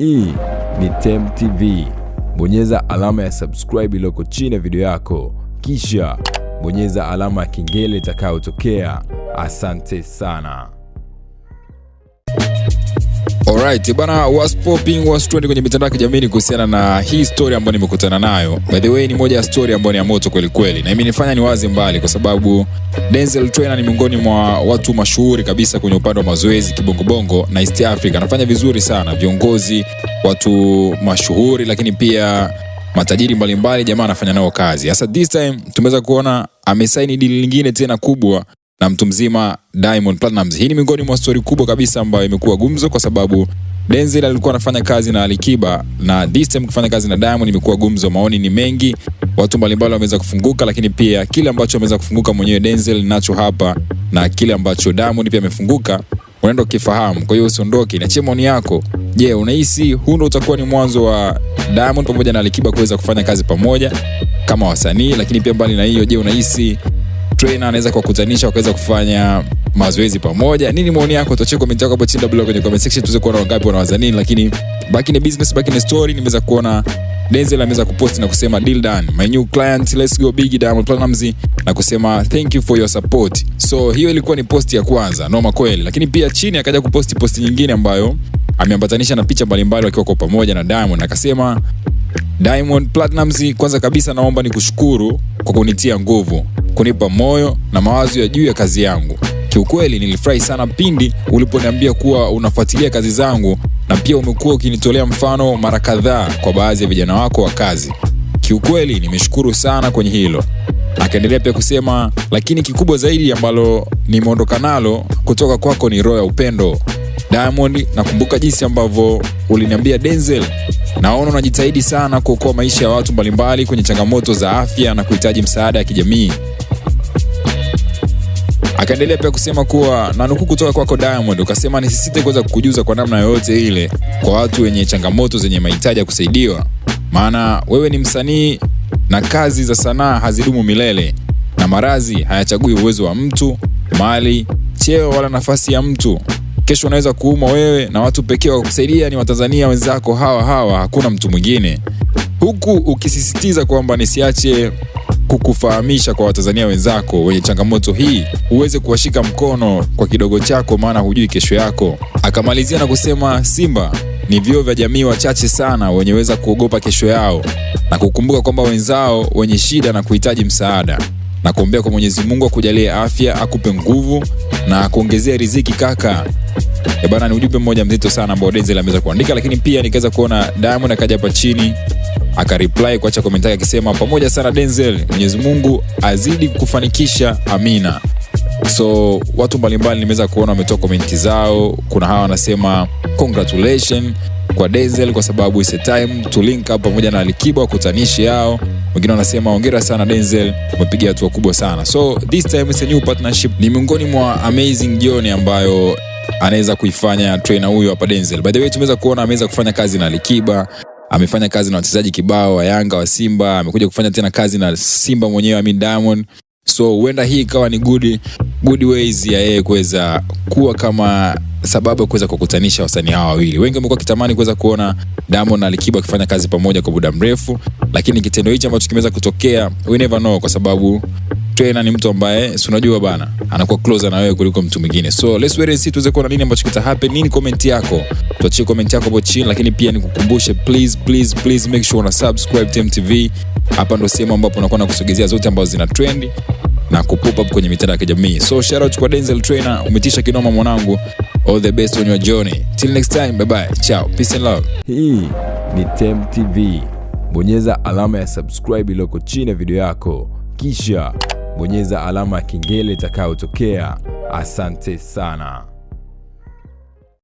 Hii ni Temu TV. Bonyeza alama ya subscribe iliyoko chini ya video yako, kisha bonyeza alama ya kengele itakayotokea. Asante sana. Alright, bana was popping was trending kwenye mitandao ya kijamii kuhusiana na hii story ambayo nimekutana nayo. By the way, ni moja ya story ambayo ni ya moto kweli kweli na imenifanya niwaze mbali kwa sababu Denzel Trainer ni miongoni mwa watu mashuhuri kabisa kwenye upande wa mazoezi kibongobongo na East Africa. Anafanya vizuri sana, viongozi, watu mashuhuri lakini pia matajiri mbalimbali mbali, jamaa anafanya nao kazi. Sasa this time tumeweza kuona amesaini deal lingine tena kubwa na mtu mzima Diamond Platnumz. Hii ni miongoni mwa stori kubwa kabisa ambayo imekuwa gumzo kwa sababu Denzel alikuwa anafanya kazi na Alikiba na this time kufanya kazi na Diamond imekuwa gumzo. Maoni ni mengi, watu mbalimbali wameweza kufunguka, lakini pia kile ambacho ameweza kufunguka mwenyewe Denzel nacho hapa na kile ambacho Diamond pia amefunguka unaenda ukifahamu. Kwa hiyo usiondoke, niachie maoni yako. Je, yeah, unahisi huu ndo utakuwa ni mwanzo wa Diamond pamoja na Alikiba kuweza kufanya kazi pamoja kama wasanii? Lakini pia mbali na hiyo, je, unahisi trainer anaweza kuwakutanisha wakaweza kufanya mazoezi pamoja. Nini maoni yako? Tuachie comment yako hapo chini blog kwenye comment section, tuweze kuona wangapi wanawaza nini. Lakini back in the business, back in the story, nimeweza kuona Denzel ameweza kupost na kusema deal done, my new client, let's go big, Diamond platinums na kusema thank you for your support. So hiyo ilikuwa ni post ya kwanza, noma kweli. Lakini pia chini akaja kuposti posti nyingine ambayo ameambatanisha na picha mbalimbali wakiwa kwa pamoja na Diamond, akasema Diamond Platnumz, kwanza kabisa naomba nikushukuru kwa kunitia nguvu kunipa moyo na mawazo ya juu ya kazi yangu. Kiukweli nilifurahi sana pindi uliponiambia kuwa unafuatilia kazi zangu na pia umekuwa ukinitolea mfano mara kadhaa kwa baadhi ya vijana wako wa kazi. Kiukweli nimeshukuru sana kwenye hilo. Akaendelea pia kusema, lakini kikubwa zaidi ambalo nimeondoka nalo kutoka kwako ni roho ya upendo Diamond. Nakumbuka jinsi ambavyo uliniambia Denzel, naona unajitahidi sana kuokoa maisha ya watu mbalimbali kwenye changamoto za afya na kuhitaji msaada ya kijamii. Akaendelea pia kusema kuwa na nukuu kutoka kwako Diamond, ukasema nisisite kuweza kukujuza kwa namna yoyote ile kwa watu wenye changamoto zenye mahitaji ya kusaidiwa, maana wewe ni msanii na kazi za sanaa hazidumu milele, na maradhi hayachagui uwezo wa mtu, mali, cheo wala nafasi ya mtu. Kesho unaweza kuumwa wewe, na watu pekee wa kusaidia ni Watanzania wenzako hawa hawa, hakuna mtu mwingine, huku ukisisitiza kwamba nisiache kukufahamisha kwa Watanzania wenzako wenye changamoto hii, uweze kuwashika mkono kwa kidogo chako, maana hujui kesho yako. Akamalizia na kusema Simba ni vyo vya jamii wachache sana wenyeweza kuogopa kesho yao na kukumbuka kwamba wenzao wenye shida na kuhitaji msaada na kuombea kwa Mwenyezi Mungu akujalie afya, akupe nguvu na akuongezee riziki kaka. E bana, ni ujumbe mmoja mzito sana ambao Denzel ameweza kuandika, lakini pia nikaweza kuona Diamond akaja hapa chini akareply kuacha komenti yake akisema pamoja sana Denzel, Mwenyezi Mungu azidi kufanikisha, amina. So watu mbalimbali nimeweza kuona wametoa komenti zao. Kuna hawa wanasema congratulations kwa Denzel kwa sababu is a time to link up pamoja na Alikiba kutanishi yao. Wengine wanasema hongera sana Denzel, umepiga hatua kubwa sana. So this time is a new partnership, ni miongoni mwa amazing jioni ambayo anaweza kuifanya trainer huyo hapa Denzel. By the way, tumeweza kuona ameweza kufanya kazi na Alikiba amefanya kazi na wachezaji kibao wa Yanga wa Simba, amekuja kufanya tena kazi na Simba mwenyewe Amin Diamond. So huenda hii ikawa ni good, good ways ya yeye kuweza kuwa kama sababu ya kuweza kukutanisha wasanii hawa wawili. Wengi wamekuwa kitamani kuweza kuona damon na Alikiba wakifanya kazi pamoja kwa muda mrefu, lakini kitendo hichi ambacho kimeweza kutokea, we never know, kwa sababu trainer ni mtu ambaye si unajua bana, anakuwa closer na wewe kuliko mtu mwingine. So let's wait and see tuweze kuona nini ambacho kita Nini comment yako? Tuachie comment yako hapo chini, lakini pia nikukumbushe, please please please make sure una subscribe TemuTV. Hapa ndo sehemu ambapo unakuwa na kusogezea zote ambazo zina trend na kupop up kwenye mitandao ya kijamii. So shout out kwa Denzel Trainer, umetisha kinoma mwanangu. All the best on your journey. Till next time, bye bye. Ciao. Peace and love. Hii ni Temu TV. Bonyeza alama ya subscribe iliyoko chini ya video yako. Kisha bonyeza alama ya kengele itakayotokea. Asante sana.